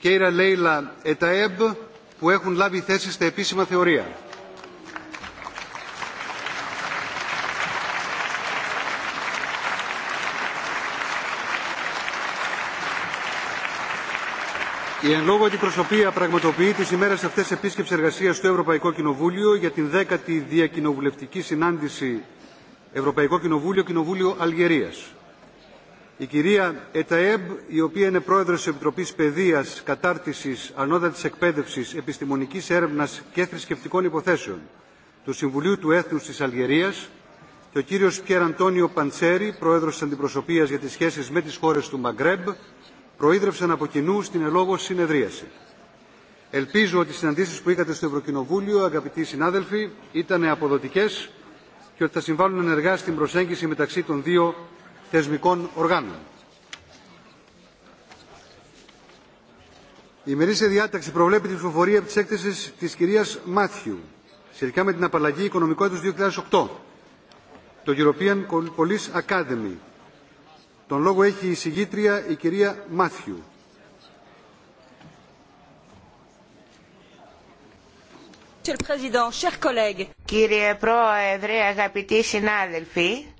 Κέιρα Λέιλα Εταέμπ που έχουν λάβει θέση στα επίσημα θεωρία. Η εν λόγω αντιπροσωπεία πραγματοποιεί τις ημέρες αυτές επίσκεψη εργασίας στο Ευρωπαϊκό Κοινοβούλιο για την 10η Διακοινοβουλευτική Συνάντηση Ευρωπαϊκό Κοινοβούλιο-Κοινοβούλιο Αλγερίας η κυρία Εταέμπ, η οποία είναι πρόεδρος της Επιτροπής Παιδείας, Κατάρτισης, Ανώτατης Εκπαίδευσης, Επιστημονικής Έρευνας και Θρησκευτικών Υποθέσεων του Συμβουλίου του Έθνους της Αλγερίας και ο κύριος Πιέρ Αντώνιο Παντσέρη, πρόεδρος της Αντιπροσωπείας για τις σχέσεις με τις χώρες του Μαγκρέμπ, προείδρευσαν από κοινού στην ελόγω συνεδρίαση. Ελπίζω ότι οι συναντήσεις που είχατε στο Ευρωκοινοβούλιο, αγαπητοί συνάδελφοι, ήταν αποδοτικέ και ότι θα συμβάλλουν ενεργά στην προσέγγιση μεταξύ των δύο θεσμικών οργάνων. Η ημερήσια διάταξη προβλέπει την ψηφοφορία τη της τη κυρία κυρίας Μάθιου σχετικά με την απαλλαγή οικονομικό έτους 2008 το European Police Academy. Τον λόγο έχει η συγγήτρια η κυρία Μάθιου. Κύριε Πρόεδρε, αγαπητοί συνάδελφοι,